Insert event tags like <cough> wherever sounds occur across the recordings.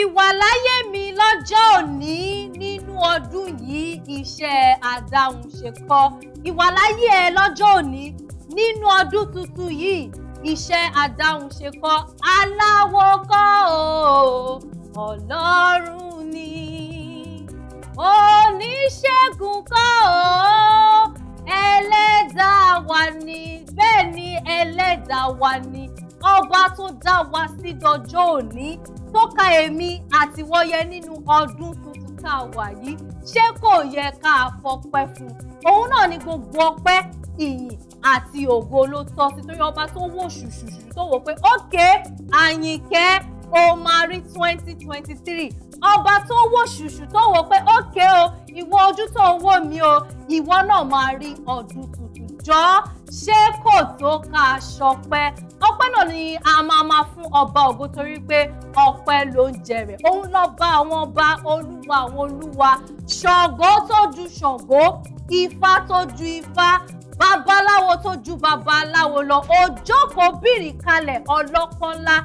ìwàláyé mi lọ́jọ́ òní nínú ọdún yìí iṣẹ́ àdáhùnṣe kọ́ ìwàláyé ẹ lọ́jọ́ òní nínú ọdún tuntun yìí iṣẹ́ àdáhùnṣe kọ́ aláwo kọ́ o ọlọ́run ni oníṣègùn kọ́ o ẹlẹ́dàá wa ni bẹ́ẹ̀ ni ẹlẹ́dàá wa ni ọba tó dá wa sí dọjọ́ òní tó ka èmi àtiwọ́yẹ nínú ọdún tuntun tá a wà yìí ṣé kò yẹ ká fọpẹ́ fún òun náà ni gbogbo ọpẹ́ ìyìn àti ògo ló tọ́ sí torí ọba tó wò ṣùṣùṣù tó wò pé ókè àyìnkẹ́ o máa rí twenty twenty three ọba tó wò ṣùṣù tó wò pé ókè o ìwọ ojú tó ń wò mí o ìwọ náà máa rí ọdún tuntun jọ́ ṣé kò tó ká ṣọpẹ́ ọpẹ́ náà ni a máa máa fún ọba ògo torí pé ọpẹ́ ló ń jẹrẹ òun lọba àwọn ọba olúwa àwọn olúwa ṣàngó tó ju ṣàngó ifá tó ju ifá babaláwo tó ju babaláwo lọ òjókòó bìrì kalẹ̀ ọlọ́pọ́nlá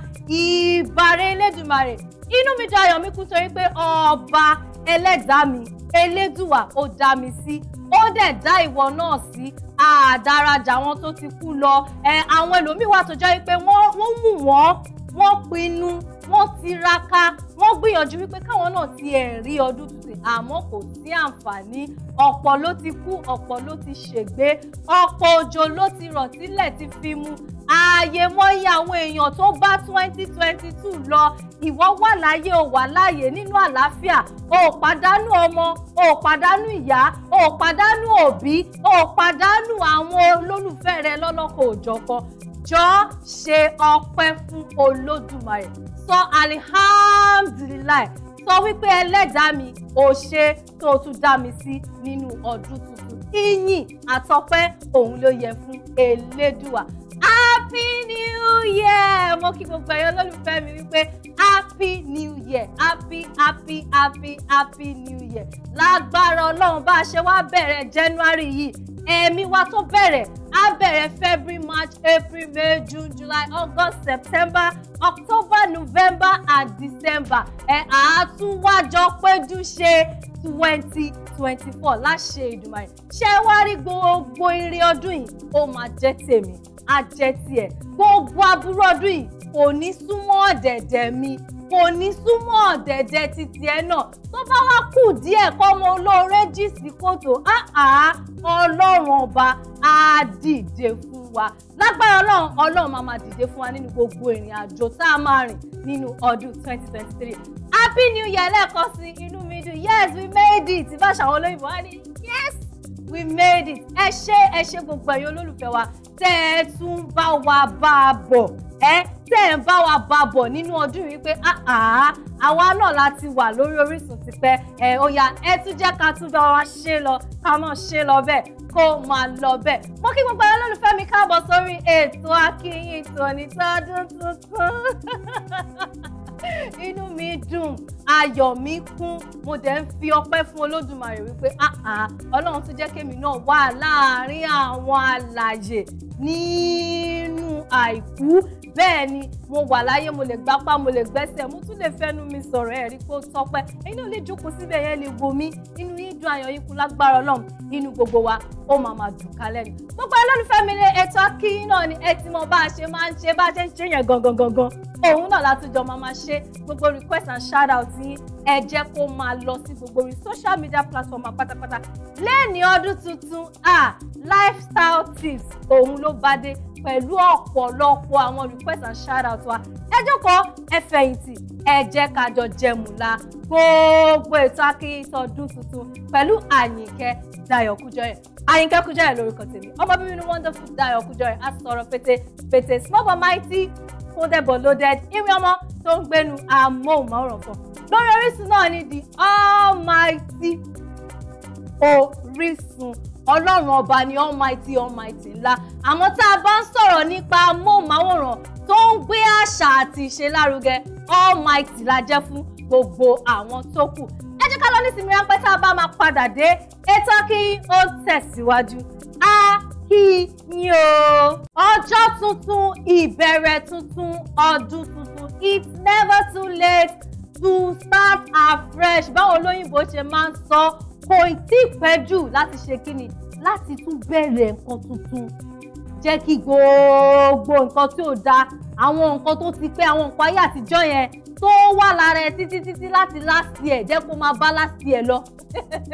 ìbàrẹ̀ elédùmarè inú mi dayọ̀ mi kú torí pé ọba ẹlẹ́dàá mi elédùwà ó dá mi sí ó dẹ̀ dá ìwọ náà sí àdárajà wọn tó ti kú lọ àwọn ẹlòmíín wà tó jẹ́ pé wọ́n wù wọ́n wọ́n pinnu wọ́n tiraka wọ́n gbìyànjú wípé káwọn náà ti ẹ̀ rí ọdún tuntun àmọ́ kò sí àǹfààní ọ̀pọ̀ ló ti kú ọ̀pọ̀ ló ti ṣègbé ọ̀pọ̀ òjò ló ti rọ̀ sílẹ̀ ti fi mu ààyè mọ́yé àwọn èèyàn tó bá twenty twenty two lọ ìwọ wà láyé o wà láàyè nínú àlàáfíà o ò pàdánù ọmọ o ò pàdánù ìyá o ò pàdánù òbí o ò pàdánù àwọn olólùfẹ́ rẹ lọ́lọ́kọ̀ òjọ̀kan jọ ṣe ọpẹ́ fún Olódùmarè sọ alihamdulilayi sọ wípé ẹlẹ́dàá mi ò ṣe tó o tún dá mi sí nínú ọdún tuntun ìyìn àtọpẹ́ òun ló yẹ fún elédùà happy new year mo kí gbogbo ẹ̀yọ́ lólùfẹ́ mi wípé happy new year happy happy happy happy new year lágbára ọlọ́run bá a ṣe wá bẹ̀rẹ̀ january yìí ẹ̀mí wa tó bẹ̀rẹ̀ á bẹ̀rẹ̀ february march april may june july august september october november and december ẹ àtúwájọ péjú ṣe twenty twenty four láṣẹ Èdùmàrè ṣé wá rí gbogbo ire ọdún yìí ó máa jẹ́ tèmi á jẹ́ tiẹ̀ gbogbo aburú ọdún yìí kò ní súnmọ́ ọ̀dẹ̀dẹ̀ mi kò ní súnmọ́ ọ̀dẹ̀dẹ̀ títí ẹ náà tó bá wá kù díẹ̀ kọ́mọ olóore jì sí kòtò ọlọ́run ọba á dìde fún wa lágbára ọlọ́run ọlọ́run máa máa dìde fún wa nínú gbogbo ìrìn àjò tá a máa rìn nínú ọdún 2023 happy new year lẹ́ẹ̀kan sí inú mi dùn yes we made it bá ṣàwọn olóyìnbó wá ní yes we made it ẹ ṣé ẹ ṣé gbogbo ẹ̀yin olólùfẹ́ wa tẹ́ ẹ tún bá wa bá a bọ̀ ẹ tẹ́ ẹ̀ ń bá wa bá bọ̀ nínú ọdún yìí pé ah, ah, àwa náà la ti wà lórí Orísun tipẹ́ ẹ ó yá ẹ tún jẹ́ ká tún bá wa ṣe lọ ká máa ṣe lọ bẹ́ẹ̀ kó máa lọ bẹ́ẹ̀. mo kí gbogbo ẹ lólùfẹ́ mi káàbọ̀ sórí ètò akínyìn tòní tọ́dún tuntun <laughs> inú mi dùn ayọ̀ mi kún mo dẹ̀ ń fi ọpẹ́ fún olódùmarè wípé ah, ọlọ́run tún jẹ́ kémi náà wà láàárín àwọn alàyè nínú àìkú bẹ́ẹ̀ ni mo wà láyé mo lè gbápá mo lè gbẹ́sẹ̀ mo tún lè fẹ́nu mi sọ̀rọ̀ ẹ̀rí kó tọ́pẹ́ ẹ̀yin náà lè jókòó síbẹ̀ yẹn lè wo mí inú yín dùn ayọ̀ yín kú lágbára ọlọ́run inú gbogbo wa ó máa máa dùn kálẹ̀ ni. gbogbo olólùfẹ́ mi ní ètò Àkíìyín náà ni ẹ ti mọ bá a ṣe máa ń ṣe bá a ṣe ń ṣe yẹn gangan gangan òun náà látúnjọ máa máa ṣe gbogbo request and shout out yín ẹ jẹ́ kó máa lọ sí gbogbo orí social media platform pátápátá lẹ́ẹ̀ni ọdún tuntun ah lifestyle tips òun ló bá dé pẹ̀lú ọ̀pọ̀lọpọ̀ àwọn request and shout out wa ẹ jókòó ẹ fẹ̀yìntì ẹ jẹ́ ká jọ jẹmùlá gbogbo ètò akíntọ́dún tuntun pẹ̀lú àyìnkẹ́ dayọ̀ kújọyẹ̀ àyìnkẹ́ kújọyẹ̀ lórúkọ tèmi ọmọ bíbí ni wonderful dayọ̀ kújọyẹ̀ á sọ̀rọ̀ pété pété small but mighty folded but loaded ìwé ọmọ tó ń gbénu amóhùnmáwòrán kan lórí Orísun náà ni the almighty Orísun ọlọ́run ọba ni almighty almighty ńlá àmọ́ tá a bá ń sọ̀rọ̀ nípa amóhùnmáwòrán tó ń gbé àṣà àti ìṣe lárugẹ almighty la jẹ́ fún gbogbo àwọn tó kù ẹ jẹ́ ká lọ ní sinmi ráńpẹ́ tá a bá máa padà dé ètò kí ó tẹ̀síwájú a kí yín o ọjọ́ tuntun ìbẹ̀rẹ̀ tuntun ọdún tuntun it's never too late to start afresh báwo lóyìnbó ṣe máa ń sọ kò tí ì pẹ́ jù láti ṣe kíni láti tún bẹ̀rẹ̀ nǹkan tuntun jẹ́ kí gbogbo nǹkan tí ò da àwọn nǹkan tó ti pẹ́ àwọn nǹkan ayé àtijọ́ yẹn tó wà lára ẹ títí títí láti last year jẹ́ kó máa bá last year lọ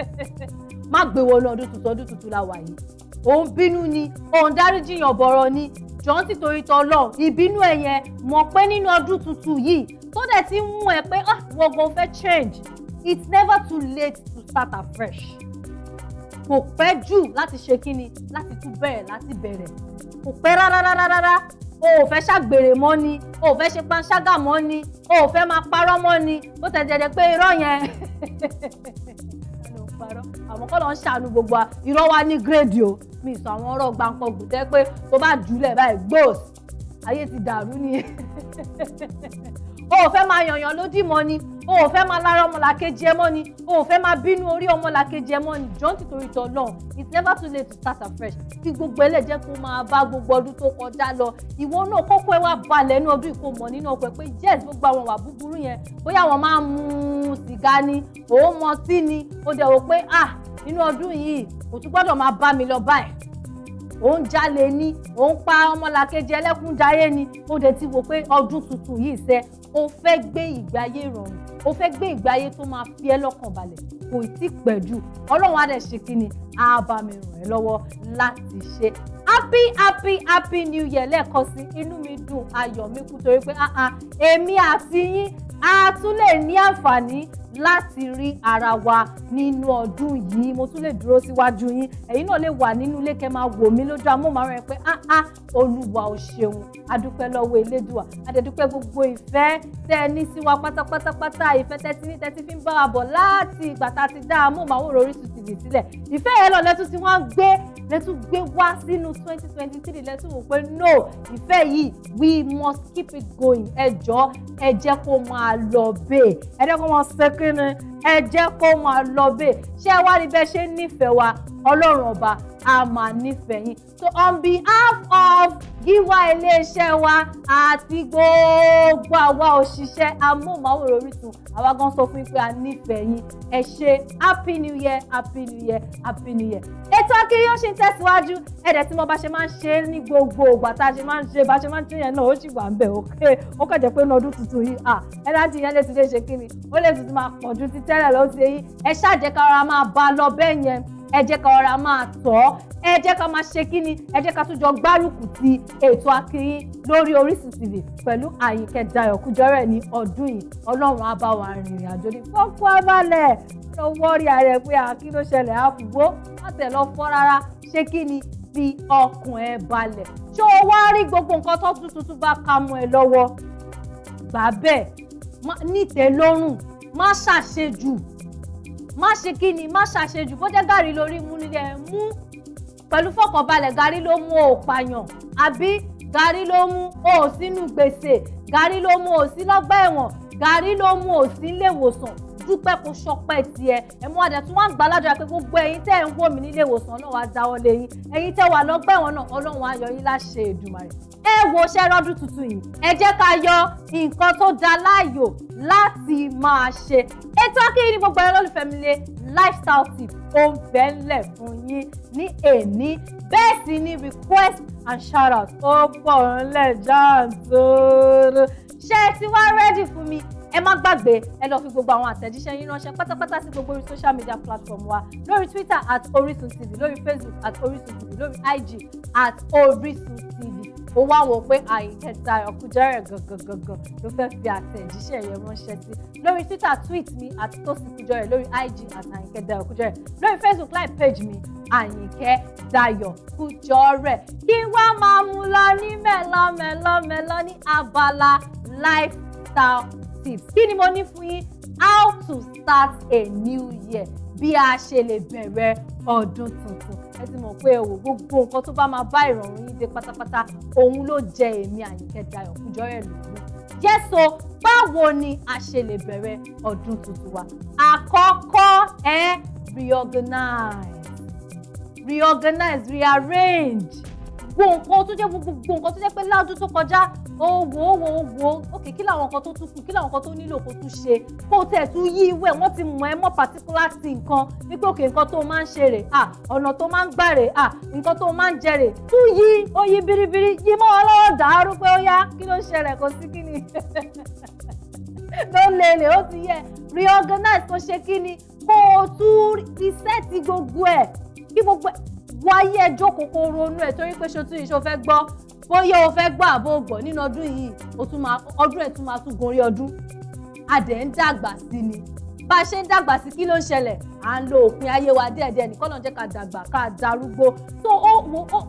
<laughs> má gbé e wọnú ọdún tuntun ọdún tuntun la wà yìí òun bínú ni òun dáríjìyàn bọ̀rọ̀ ni jọ̀ọ́ ti torí tọ́lọ̀ ìbínú ẹ̀ yẹn mọ̀ pé nínú ọdún tuntun yìí tó dẹ̀ ti mú ẹ pé ah wọ́n gan fẹ́ change it's never too late to start afresh kò pẹ́ jù láti ṣe kí ni láti tún bẹ̀rẹ̀ láti bẹ̀rẹ̀ kò pẹ́ rárárárá o ò fẹ́ ṣàgbèrè mọ́ ni o ò fẹ́ ṣe panṣágà mọ́ ni o ò fẹ́ máa parọ́ mọ́ ni bó tẹ̀ jẹ́jẹ́ pé irọ́ yẹn <laughs> parọ́ àwọn kọ́ ló ń ṣàánú gbogbo wa irọ́ wa ní gírèdì o mi sọ àwọn ọ̀rọ̀ gbàǹkan gùn tẹ́ pé tó bá jùlẹ̀ báyìí gbòòs ayé ti dàrú ni <laughs> o ò fẹ́ máa yànyàn lódì mọ́ ni o ò fẹ́ máa lára ọmọlàkejì ẹ mọ́ ni o ò fẹ́ máa bínú orí ọmọlàkejì ẹ mọ́ ni jọ́n ti torí tọ́ náà it's never too late to start afresh kí gbogbo ẹlẹ́jẹ̀ kó máa bá gbogbo ọdún tó kọjá lọ ìwọ náà kọ́kọ́ ẹ wá balẹ̀ ní ọdún ìkó mọ̀ nínú ọkọ ẹ pé yes gbogbo àwọn wà búburú yẹn bóyá wọn máa ń mu sìgá ni òun mọ tí ni ó dẹ̀ wò pé ah nínú ọdún yìí kò tún gbọ́dọ̀ máa bá mi lọ báyìí òun jalè ni òun pa ọmọlàkejì ẹlẹ́kùnjayé ni ó dẹ̀ ti wò pé ọdún tuntun yìí ṣe ó fẹ́ gbé ìgbé ayé ìrọ̀rùn o fẹ́ gbé ìgbé ayé tó máa fi ẹ́ lọ́kàn balẹ̀ kò tí ì ọlọ́run á ṣe kí ni ràn ẹ́ lọ́wọ́ láti ṣe happy happy happy new year lẹ́ẹ̀kan sí inú mi dùn ayọ̀ mi kú torí pé ah, ah, èmi àti yín a tún lè ní àǹfààní láti rí ara wa nínú ọdún yìí mo tún lè dúró síwájú yín ẹ̀yin náà lè wà nínú ilé kẹ́ máa wò mí lójú amóhùnmáwòrán pé ah ah olúwa ò ṣeun adúpẹ́ lọ́wọ́ elédùà adẹ̀dúpẹ́ gbogbo ìfẹ́ tẹ́ ẹ ní sí wa pátápátápátá ìfẹ́ tẹ́tí ní tẹ́tí fi ń bá wa bọ̀ láti ìgbà tá a ti dá amóhùnmáwòrán Orísun TV sílẹ̀ ìfẹ́ yẹn lọ lẹ́tún tí wọ́n gbé lẹ́tún gbé wá sínú twenty twenty three lẹ́tún wò pé no ìfẹ́ yìí we must keep it going ẹ jọ̀ọ́ ẹ jẹ́ kó máa lọ bẹ́ẹ̀ ẹ jẹ́ kó máa sẹ́k kí ni ẹ jẹ́ kó máa lọ bẹ́ẹ̀ ṣé ẹ wá rí bẹ́ẹ̀ ṣe nífẹ̀ẹ́ wa ọlọ́run ọba a máa nífẹ̀ẹ́ so on behalf of gíwá iléeṣẹ́ wa àti gbogbo àwa òṣìṣẹ́ amóhùnmáwòrán Orísun àwa gan sọ fún yín pé a nífẹ̀ẹ́ ẹ ṣe happy new year happy new year happy new year ètò Àkíìyín ó ṣì ń tẹ̀síwájú ẹ̀dẹ̀ tí mo bá ṣe máa ń ṣe ní gbogbo ìgbà tá a ṣe máa ń ṣe bá a ṣe máa ń ṣe yẹn náà ó sì wà ń bẹ̀ òkè ó kẹ̀jẹ̀ pé ní ọdún tuntun yìí à ẹ̀dájì yẹn lè ti lè ṣe kí ni ó lè tuntun máa pọ̀ ju ti tẹ́lẹ̀ lọ́sẹ̀ ẹ jẹ́ ká ọ̀rá máa tọ́ ẹ jẹ́ ká máa ṣe kí ni ẹ jẹ́ ká tún jọ gbárùkù ti ètò akínyìn lórí Orísun TV pẹ̀lú Àyìnkẹ́ Dayọ̀ Kújọrẹ́ ní ọdún yìí Ọlọ́run á bá wa rìnrìn àjò ní fọ́pọ́ abalẹ̀ lọ wọ́ọ̀rì ààrẹ pé àkí ló ṣẹlẹ̀ àbúgbó ọ̀tẹ̀ lọ fọ́ rárá ṣé kí ni fi ọkàn ẹ balẹ̀ ṣé o wá rí gbogbo nǹkan tó tuntun tún bá ka mọ́ ẹ lọ́wọ́ gbà bẹ́ẹ̀ nítẹ̀lọ́rùn má ṣàṣejù má ṣe kí ni má ṣàṣejù bó jẹ́ gàrí lórí mú ni mú pẹ̀lú fọkànbalẹ̀ gàrí ló mú o pààyàn àbí gàrí ló mú o sínú gbèsè gàrí ló mú o sí lọ́gbà ẹ̀wọ̀n gàrí ló mú o sí ilé ìwòsàn dúpẹ́ kó ṣọpẹ́ tiẹ̀ ẹ mú adẹ̀ tí wọ́n á gbà ládùúrà pé gbogbo ẹ̀yin tẹ́ ẹ̀ ń wò mí nílé ìwòsàn ọlọ́run dáwọ́ lé yín ẹ̀yin tẹ́ wà lọ́gbẹ́ wọn náà ọlọ́run á yín láṣẹ Èdùmàrè ẹ wo iṣẹ́ rọ́dún tuntun yìí ẹ jẹ́ ká yọ nǹkan tó da láàyò láti máa ṣe ètò akéyìn ní gbogbo olólùfẹ́ mi lé lifestyle tip ó ń bẹ́ ńlẹ̀ fún yín ní èní bẹ́ẹ̀ sì ni request and shout out ó pọ̀ ńlẹ̀ jáàntóró ṣé ẹ ti wá rẹ́dì fún mi ẹ má gbàgbé ẹ lọ fi gbogbo àwọn àtẹ̀jíṣẹ́ yín ránṣẹ́ pátápátá sí gbogbo orí social media platform wa lórí twitter at orisun tv lórí facebook at orisun tv lórí ig at orisun tv ó wá wọ pé àyíkẹta ọkùnjẹrẹ gangan ló fẹ́ fi àtẹ̀jíṣẹ́ yẹn ránṣẹ́ sí lórí twitter tweet mi at tosikujọrẹ lórí ig at àyíkẹta ọkùnjẹrẹ lórí facebook live page mi àyìnkẹ́ dayọ̀ kújọ́rẹ̀ kí wọ́n máa mú lọ ní mẹ́lọ́mẹ́lọ́mẹ́lọ́ ní abala lifestyle tips kí ni mo ní fún yín how to start a new year bí a ṣe lè bẹ̀rẹ̀ ọdún tuntun ẹ ti mọ̀ pé ẹ̀wò gbogbo nǹkan tó bá máa bá ìrọ̀rùn yín dé pátápátá òun ló jẹ èmi Àyìnkẹ́ Dayọ̀ Kújọ́rẹ̀ lòún jẹ́sọ báwo ni a ṣe lè bẹ̀rẹ̀ ọdún tuntun wa àkọ́kọ́ ẹ reorganize reorganize rearrange gbogbo nǹkan tó jẹ́ gbogbo nǹkan tó jẹ́ pé ládùn tó kọjá ó wò ó wò ó wò ó òkè kí làwọn nǹkan tó tún kù kí làwọn nǹkan tó nílò kó tún ṣe kó tẹ̀ tún yí ìwé wọ́n ti mọ̀ ẹ́ mọ́ particular ti nǹkan wípé òkè nǹkan tó máa ń ṣe rè à ọ̀nà tó máa ń gbà rè à nǹkan tó máa ń jẹ rè tún yí ó yí biribiri yí mọ́ ọ lọ́wọ́ dàárú pé ó yá kí ló ń ṣẹlẹ̀ kò sí kí ni <laughs> ló lè lè ó ti yẹ reorganize kó ṣe kí ni kó o tún reset gbogbo ẹ̀ kí gbogbo ẹ̀ wáyé ẹjọ́ kòkó ronú ẹ̀ torí pé ṣojú iṣẹ́ o fẹ́ gbọ́ bóyá o fẹ́ gbọ́ àbó gbọ́ nínú ọdún yìí ọdún ẹ̀ tún máa tún gorí ọdún adẹ̀ ń dàgbà sí ni bá a ṣe ń dàgbà sí kí ló ń ṣẹlẹ̀ à ń lo òpin ayé wa díẹ̀díẹ̀ nìkan náà jẹ́ ká dàgbà ká darúgbó so ó wo ó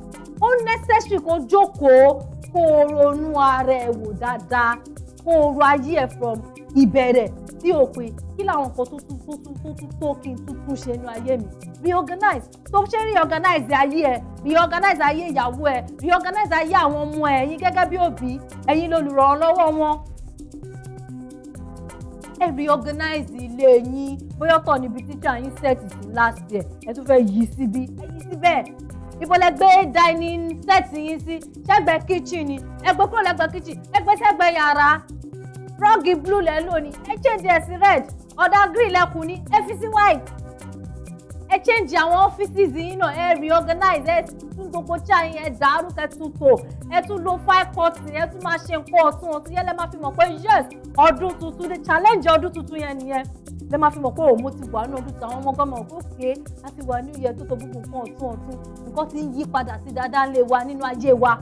ó necessary kó jókòó kó ronú ara ẹ̀ wò dáadáa kó ro ayé ẹ̀ from ìbẹ̀rẹ̀ sí òpin kí làwọn nǹkan tó tún tó tún tó tún tó kí n tún tún ṣe inú ayé mi reorganize tó ṣe reorganize ayé ẹ reorganize ayé ìyàwó ẹ reorganize ayé àwọn ọmọ ẹ ẹ̀yin gẹ́gẹ́ bí òbí ẹ̀yin lolùrànlọ́wọ́ wọn ẹ reorganize ilé yín bóyá ọ̀tọ̀ níbi tíṣà yín set sí last year ẹ tún fẹ́ yí síbi ẹ yí síbẹ̀ ìbọ̀lẹ̀ dining set yín sí ṣẹ́gbẹ́ kitchen ni ẹgbẹ́ kúrò lẹ́gbẹ́ kitchen ẹgbẹ́ sẹ́gbẹ́ yàrá rọ́ọ̀gì blue lẹ́ lò ní ẹ change ẹ̀ sí red ọ̀dà green lẹ́kùn ní ẹ fi sí white ẹ change àwọn offices yìí náà ẹ reorganize ẹ tún gbogbo chá yín ẹ dàrú ẹ tún tò ẹ tún lo five cotton ẹ tún máa ṣe nǹkan ọ̀tún ọ̀tún yẹn lẹ́ máa fi mọ̀ pé yes ọdún tuntun the challenge ọdún tuntun yẹn nìyẹn lẹ́ máa fi mọ̀ pé òun oh, mo ti wà ní ọdún tuntun àwọn ọmọ gọ́mọ̀ òkè àti wà ní ìyẹn tó tó gbogbo nǹkan ọ̀tún ọ̀tún nǹkan ti ń yí padà sí dáadáa ńlẹ̀ wa nínú ajé wa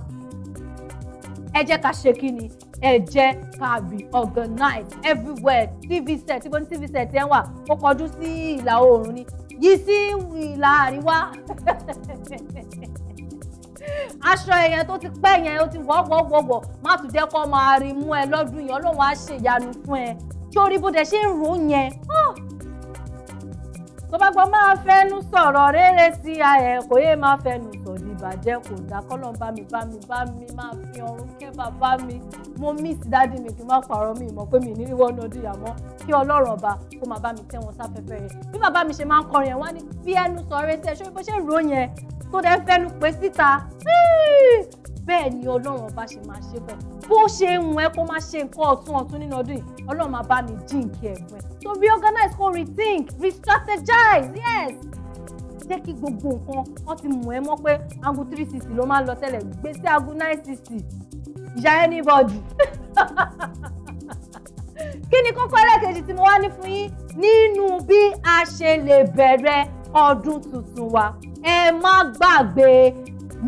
ẹ jẹ́ ká ṣe kí ni ẹ jẹ́ ká organized everywhere tv set ibo ní tv set ẹ wà ó kọjú sí ìlà oòrùn ni yìí sí ìlà àríwá <laughs> aṣọ ẹ̀yẹn tó ti pẹ́ yẹn ó ti wọ́gbọ́gbọ́gbọ́ má tún jẹ́ kó máa rí mú ẹ lọ́dún yìí ọlọ́run á ṣèyanu fún ẹ torí bó dẹ ṣe ń rò yẹn ah! tó bá gbọ́ máa fẹnu sọ̀rọ̀ rere sí ẹ kò yé máa fẹnu sọ̀rọ̀ ìbàjẹ́ kò dá kọ́lọ̀ bá mi bá mi bá mi máa fi ọrùn kẹ́ bàbá mi mo miss dáàdi mi kí n má pààrọ̀ mi mọ̀ pé mi ní wọ́n ọdún ìyàmọ́ kí ọlọ́run ọba kó máa bá mi tẹ́ wọn sáfẹ́fẹ́ rẹ̀ bí bàbá mi ṣe máa ń kọrin ẹ̀ wá ní bí ẹnu sọ̀rọ̀ ẹsẹ̀ ṣé bó ṣe rò yẹn tó dẹ́ fẹ́nu pé síta bẹ́ẹ̀ ni ọlọ́run ọba ṣe máa ṣe bẹ́ẹ̀ bó ṣe ń wọn kó máa ṣe nǹkan ọ̀tun ọ̀tun nínú ọdún yìí ọlọ́run máa bá mi jíǹkì ẹ̀gbọ́n so reorganize kó rethink restrategize yes jẹ́ kí gbogbo nǹkan wọ́n ti mọ̀ ẹ́ mọ́ pé aago three sixty ló máa ń lọ tẹ́lẹ̀ gbé sí nine sixty ìyá anybody. <laughs> kí ni kókó ẹlẹ́kejì tí mo wá ní fún yín nínú bí a ṣe lè bẹ̀rẹ̀ ọdún tuntun wa ẹ má gbàgbé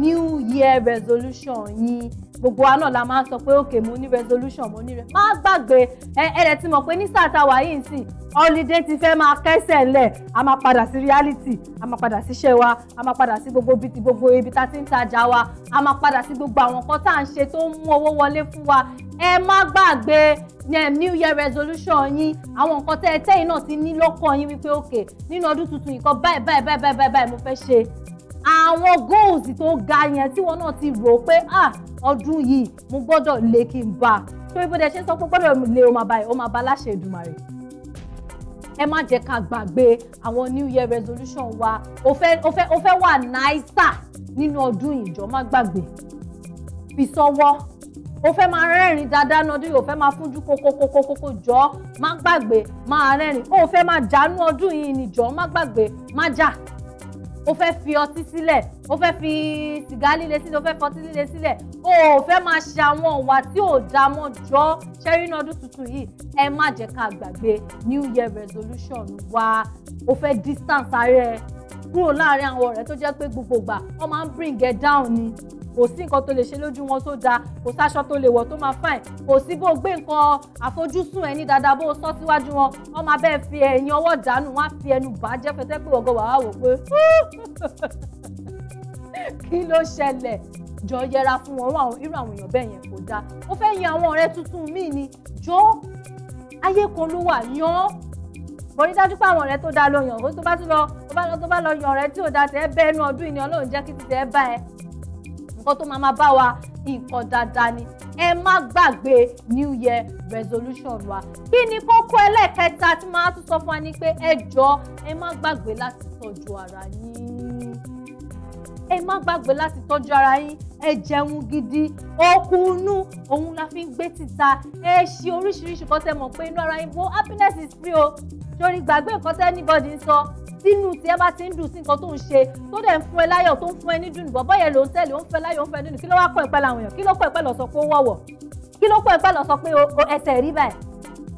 new year resolution yín gbogbo wa náà la máa ń sọ pé òkè mo ní resolution mo ní rẹ má gbàgbé ẹ ẹ ti mọ̀ pé ní sáà tá a wà yìí ń sìn holiday ti fẹ́ máa kẹ́sẹ̀ lẹ̀ a máa padà sí reality a máa padà sí iṣẹ́ wa a máa padà sí gbogbo ibi tí gbogbo ibi tá a ti ń tajà wa a máa padà sí gbogbo àwọn nǹkan tá à ń ṣe tó ń mú owó wọlé fún wa ẹ má gbàgbé new year resolution yín àwọn nǹkan tẹ́ ẹ tẹ́yìn náà ti ní lọ́kàn yín wípé òkè nínú ọdún tuntun ìkọ́ báyìí báyìí báyìí báyìí mo fẹ́ ṣe àwọn goals tó ga yẹn tí wọn náà ti rò pé ah ọdún yìí mo gbọ́dọ̀ lè kí n bá torí bó dẹ ṣe ń sọ pé gbọ́dọ̀ lè o máa bá ẹ o máa bá láṣẹ Èdùmàrè ẹ má jẹ́ ká gbàgbé àwọn new year resolution wa o fẹ́ o fẹ́ o fẹ́ wà náísà nínú ọdún ìjọ má gbàgbé fi sọ́wọ́ o fẹ́ máa rẹ́rìn dáadáa náà ọdún yìí o fẹ́ máa fúnjú kókókókókó jọ má gbàgbé máa rẹ́rìn o fẹ́ máa jánu ọdún yìí nìjọ má gbàgbé má jà o fẹ́ fi ọtí sílẹ̀ o fẹ́ fi sìgá líle sílẹ̀ o fẹ́ fi ọtí líle sílẹ̀ o ò fẹ́ máa ṣe àwọn ìwà tí ò dá mọ́ jọ ṣẹ́rínà ọdún tuntun yìí ẹ má jẹ́ ká gbàgbé new year resolution wa o fẹ́ distance ara ẹ kúrò láàrin àwọn ọ̀rẹ́ tó jẹ́ pé gbogbo ìgbà wọ́n máa ń bring ẹ down ni kò sí nǹkan tó lè ṣe lójú wọn tó dáa kò sáṣọ tó lè wọ̀ tó máa fine kò sí bó gbé nǹkan àfojúsùn ẹni dáadáa bó sọ síwájú wọn wọn máa bẹ́ẹ̀ fi ẹ̀yìn ọwọ́ dànù wọn á fi ẹnu bàjẹ́ fẹsẹ̀ pé ọgọ́ wàá wò pé <laughs> kí ló ṣẹlẹ̀ jọ yẹra fún wọn irú àwọn èèyàn bẹ́ẹ̀ yẹn kò dáa ó fẹ́ yan àwọn ọ̀rẹ́ tuntun míì ni jọ ayé kan ló wà yan án mo ní dájú pé àwọn ọ̀rẹ́ tó dáa ló yàn ó tó bá tún lọ tó bá lọ yan ọ̀rẹ́ tí ò dáa tẹ́ bẹ́ẹ̀ nú ọdún ìní ọlọ́run jẹ́ kí ti tẹ́ bá ẹ nǹkan tó máa máa bá wa nǹkan dáadáa ni ẹ má gbàgbé new year resolution wa kí ni kókó ẹlẹ́ẹ̀kẹta tí máa tún sọ fún wa ni pé ẹ jọ ẹ má gbàgbé láti tọ́jú ara yín ẹ má gbàgbé láti tọ́jú ara yín ẹ jẹun gidi okun inú òun la fi ń gbé títa ẹ ṣe oríṣiríṣi kan mọ̀ pé inú ara yín wo happiness is free o torí gbàgbé nǹkan tẹ́ anybody ń sọ tínú tí ẹ bá ti ń dùn sí nǹkan tó ń ṣe tó dẹ̀ ń fún ẹ láyọ̀ tó ń fún ẹ ní dùn bọ́ bọ́yẹ̀ ló ń tẹ̀lé ó ń fẹ́ láyọ̀ ó ń fẹ́ dùn kí ló wá pọ̀ ẹ̀pẹ́ làwọn èèyàn kí ló pọ̀ ẹ̀pẹ́ lọ sọ pé ó wọ̀wọ̀ kí ló pọ̀ ẹ̀pẹ́ lọ sọ pé ẹsẹ̀ rí báyìí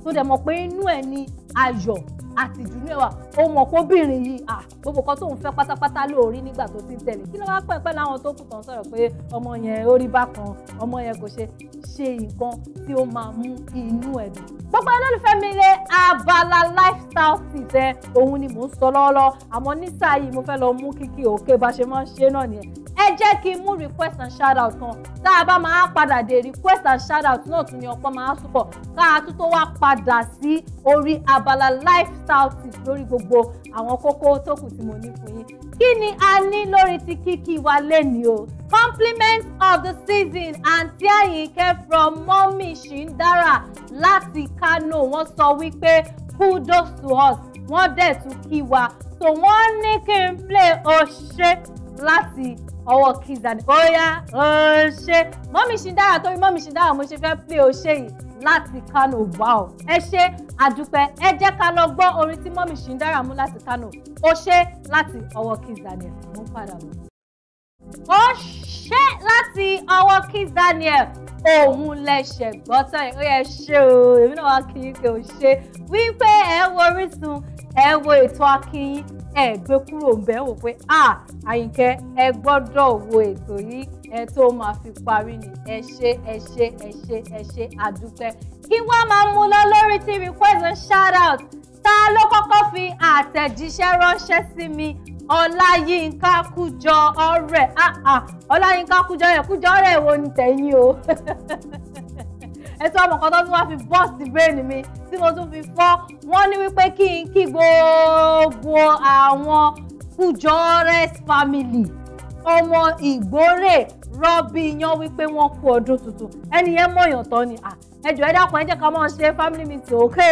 tó dẹ̀ mọ̀ pé inú ẹ̀ ni ayọ̀ àtìjú ní ẹwà ó mọ̀ kó bìnrin yìí à gbogbo kan tó ń pátápátá lórí nígbà tó ti ń kí ló wá pẹ̀pẹ́ láwọn tó kù tán sọ̀rọ̀ pé ọmọ yẹn ó rí bákan ọmọ yẹn kò ṣe ṣe nǹkan tí ó máa mú inú ẹ̀ dùn. gbogbo olólùfẹ́ mi lé abala lifestyle tips ẹ òun ni mò ń sọ lọ́wọ́lọ́wọ́ àmọ́ nísàyí mo fẹ́ lọ mú kíkì òkè bá ṣe máa ń ṣe náà nìyẹn ẹ jẹ́ kí n mú request and shout out kan tá a bá máa padà dé request and shout out náà tún ni ọ̀pọ̀ máa sùpọ̀ ká a tún tó wá padà sí orí abala lifestyle total tips lórí gbogbo àwọn kókó tó kù tí mo ní fún yín kí ni a ní lórí ti kíkí wa lẹ́nìí o compliment of the season àǹtí àyìnkẹ́ from mọ́mí ṣìńdára láti Kano wọ́n sọ wípé kudos to us wọ́n dẹ̀ tún kí wa so wọ́n ní kí n play ọṣẹ́ láti ọwọ́ kids and oya ọṣẹ́ mọ́mí ṣìńdára torí mọ́mí ṣìńdára mo ṣe fẹ́ play ọṣẹ́ yìí láti Kano wow ẹ ṣé àdúpẹ́ ẹ jẹ́ ká lọ gbọ́ orin tí mọ́mì Ṣìndára mú láti Kano ó ṣe láti ọwọ́ Kiss Daniel mú padà bọ̀. ó ṣe láti ọwọ́ Kiss Daniel òun lẹsẹ̀ gbọ́tàn ẹ ṣé o èmi náà wá kí n kò ṣe wípé ẹ wo Orísun ẹ wo ètò akínyìn ẹ gbé kúrò ń bẹ wò pé ah àyìnkẹ́ ẹ gbọ́dọ̀ wo ètò yìí ẹ tó máa fi parí ni ẹ ṣe ẹ ṣe ẹ ṣe ẹ ṣe àdúpẹ́ kí wọ́n máa mú lọ lórí tí request and shout out ta ló kọ́kọ́ fi àtẹ̀jíṣẹ́ ránṣẹ́ sí mi ọláyínká kújọ ọ̀rẹ́ ọláyínká kújọ ọ̀rẹ́ kújọ ọ̀rẹ́ wo ni tẹ̀yìn o. <laughs> ẹ tí ọmọ kan tó tún wá fi bọ́ọ̀sì bẹ́ẹ̀nì mi tí mo tún fi fọ́ wọ́n ní wípé kí n kí gbogbo àwọn Kujores family ọmọ Ìgbórè rọ́bì yan wípé wọ́n kú ọdún tuntun ẹni yẹn mọ̀yàn tán ni ẹjọ́ ẹ dákun ẹ jẹ́ ká máa ṣe family meeting òkè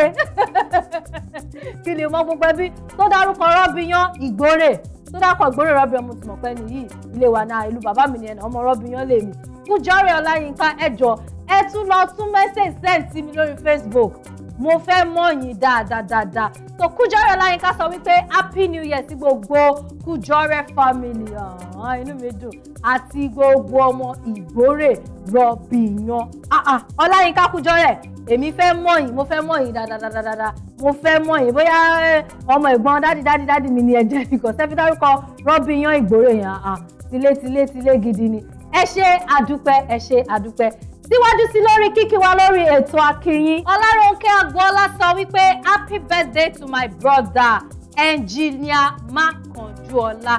<laughs> kí ni mo gbogbo ẹbí tó dárúkọ rọ́bì yan Ìgbórè tó dákọ̀ Ìgbórè rọ́bì ọmọ tìmọ̀ pẹ́ nìyí ilé wa náà ìlú bàbá mi ni ẹ̀nà ọmọ rọ́bì yan lèmi Kújọ́rẹ́ Ọláyínká ẹjọ́ ẹ tún lọ tún message send sí mi lórí Facebook mo fẹ́ mọ̀ yín dáadáa so Kújọ́rẹ́ Ọláyínká sọ wípé happy new year sí gbogbo Kújọ́rẹ́ family ọ̀hún inú mi dùn àti gbogbo ọmọ ìgbórè rọbìyàn ah, ah, Ọláyínká Kújọ́rẹ́ èmi fẹ́ mọ̀ yín mo fẹ́ mọ̀ yín dáadáa mo fẹ́ mọ̀ yín bóyá eh, ọmọ ẹ̀gbọ́n dádì dádì dádì mi ni ẹ jẹ́ nìkan sẹ́fí dárúkọ rọbìyàn ìgbórè yẹn ah, tilé tilé tilé gidi ni ẹ ṣe àdúpẹ́ ẹ ṣe àdúpẹ́ síwájú sí lórí kíkí wa lórí ètò akínyìn ọlárónkẹ́ agboola sọ wípé happy birthday to my brother engineer mákànjúọlá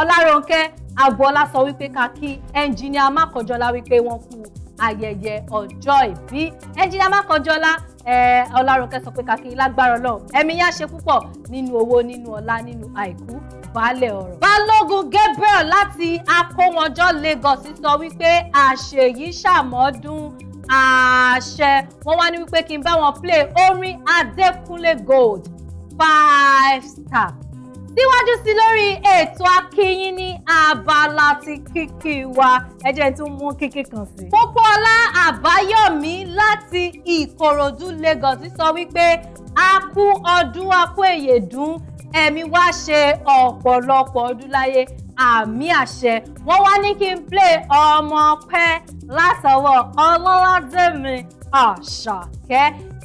ọlárónkẹ́ agboola sọ wípé ká kí engineer mákànjúọlá wípé wọ́n kú ayẹyẹ ọjọ́ ìbí engineer mákànjúọlá Ọlárúnkẹ́ sọ pé kàkí lágbára Ọlọ́run ẹ̀mí yá ṣe púpọ̀ nínú owó nínú ọlá nínú àìkú baálẹ̀ ọ̀rọ̀. Balógun Gabriel láti Akówọnjọ́ Lagos sọ wípé àṣèyí ṣàmọ́dún àṣẹ wọ́n wá ní wípé kí n bá wọn play orin Adékúnlé Gold five star síwájú sí lórí ètò akínyín ní abala ti kíkí wa ẹ jẹ́ tún mú kíkí kan sí. Pópóọlá Àbáyọ̀mí láti Ìkòròdú Lagos sọ wípé a kú ọdún a kú èyèdún ẹ̀mí wá ṣe ọ̀pọ̀lọpọ̀ ọdún láyé àmì àṣẹ wọ́n wá ní kí n play ọmọ pẹ́ látọwọ́ ọlọ́ládẹ́mi àṣàkẹ́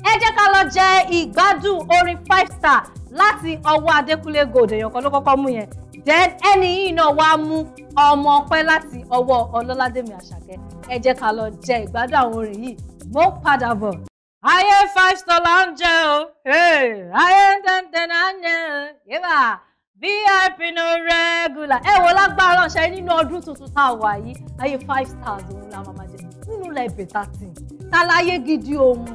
ẹ jẹ́ ká lọ jẹ ìgbádùn orin five star láti ọwọ́ Adékúnlé Gold èèyàn kan ló kọ́kọ́ mú yẹn then ẹni yìí náà wá mú ọmọ ọpẹ́ láti ọwọ́ Ọlọ́ládèmí Àṣàkẹ́ ẹ jẹ́ ká lọ jẹ ìgbádùn àwọn orin yìí mo padà bọ̀. ayé five star la ń jẹ o ayé tẹ̀tẹ̀ náà ń jẹ o vip no regular ẹ wo lágbára ṣe nínú ọdún tuntun tá a wà yìí ayé five stars òun la máa jẹ nínú lẹ́ẹ̀bẹ̀ta tì tá láyé gidi òun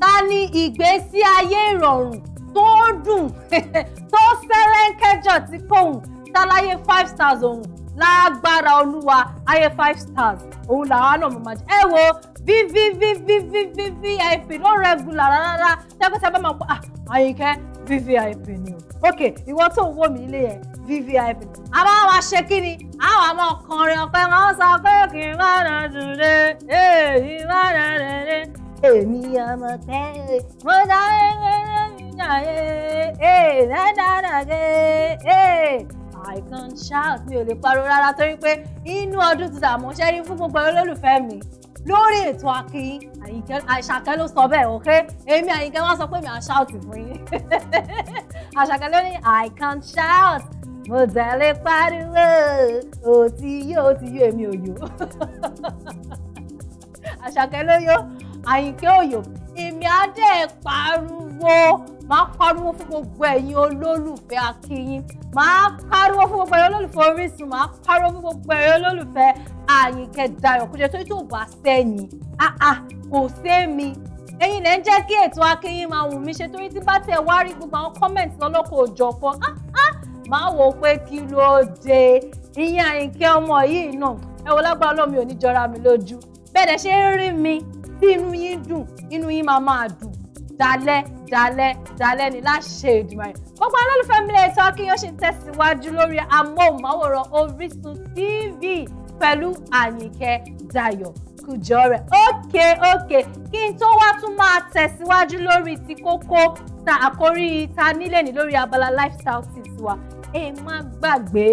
ta ni ìgbésí ayé ìrọ̀rùn tó dùn <laughs> tó sẹ́lẹ̀ńkẹ́jọ tí kòhùn táláyé five stars òun lágbára olúwa ayé five stars òun làwọn náà mọ̀ máa jẹ́ ẹ wo vvvvvvvip no regular rárá tẹ́gbẹ́tẹ́ bá máa pa ah, àyìnkẹ́ vvip ni o ok ìwọ tó ń wò mí ilé yẹn vvip àmọ́ àwọn aṣekínni àwọn àmọ́ ọkùnrin ọ̀pẹ wọn sọ pé kì í má nà dùnlé èyí má nà dùnlé èmi àmọ̀tẹ́ mo dáwé na ye eh, eh na na na ye eh, eh I can shout mi ò lè pariwo rárá torí pé inú ọdún tuntun àmọ́ ṣe rí fún gbogbo olólùfẹ́ mi lórí ètò akin àyíkẹ́ àṣàkẹ́ ló sọ bẹ́ẹ̀ ok èmi àyíkẹ́ wá sọ pé mi à ṣáàtì fún yín <laughs> àṣàkẹ́ ló ní I can shout mo tẹ̀lé pariwo òtí yó òtí yó èmi ò yó <laughs> àṣàkẹ́ ló yó àyíkẹ́ ò yó èmi á dẹ̀ pariwo máa pariwo fún gbogbo ẹ̀yin olólùfẹ́ akínyìn máa pariwo fún gbogbo ẹ̀yin olólùfẹ́ Orísun máa pariwo fún gbogbo ẹ̀yin olólùfẹ́ Àyìnkẹ́ Dayọ̀ Kúdé tó tó bá sẹ́yìn kò sẹ́mi ẹ̀yin lẹ́ ń jẹ́ kí ètò akínyìn máa wù mí ṣe torí tí bá tẹ̀ wá rí gbogbo àwọn kọ́mẹ̀ntì lọ́lọ́kọ̀ òjọ̀ fọ́ máa wò ó pé kí ló dé ìyẹn Àyìnkẹ́ ọmọ yìí náà ẹ wo lágbára Ọlọ́run ò ní jọra mi lójú bẹ́ẹ̀ dẹ̀ ṣe ń rí mi tí inú yín dùn inú yín máa máa dùn dalẹ́ dalẹ́ dalẹ́ ni láṣẹ Èdùmàrè gbogbo olólùfẹ́ mi lè tọ́ kí yóò ṣe tẹ̀síwájú lórí amóhùnmáwòrán Orísun TV pẹ̀lú Àyìnkẹ́ Dayọ̀ Kújọrẹ̀ ókè ókè kí n tó wá tún máa tẹ̀síwájú lórí ti kókó ta àkórí ta nílé ní lórí abala lifestyle tips wa ẹ má gbàgbé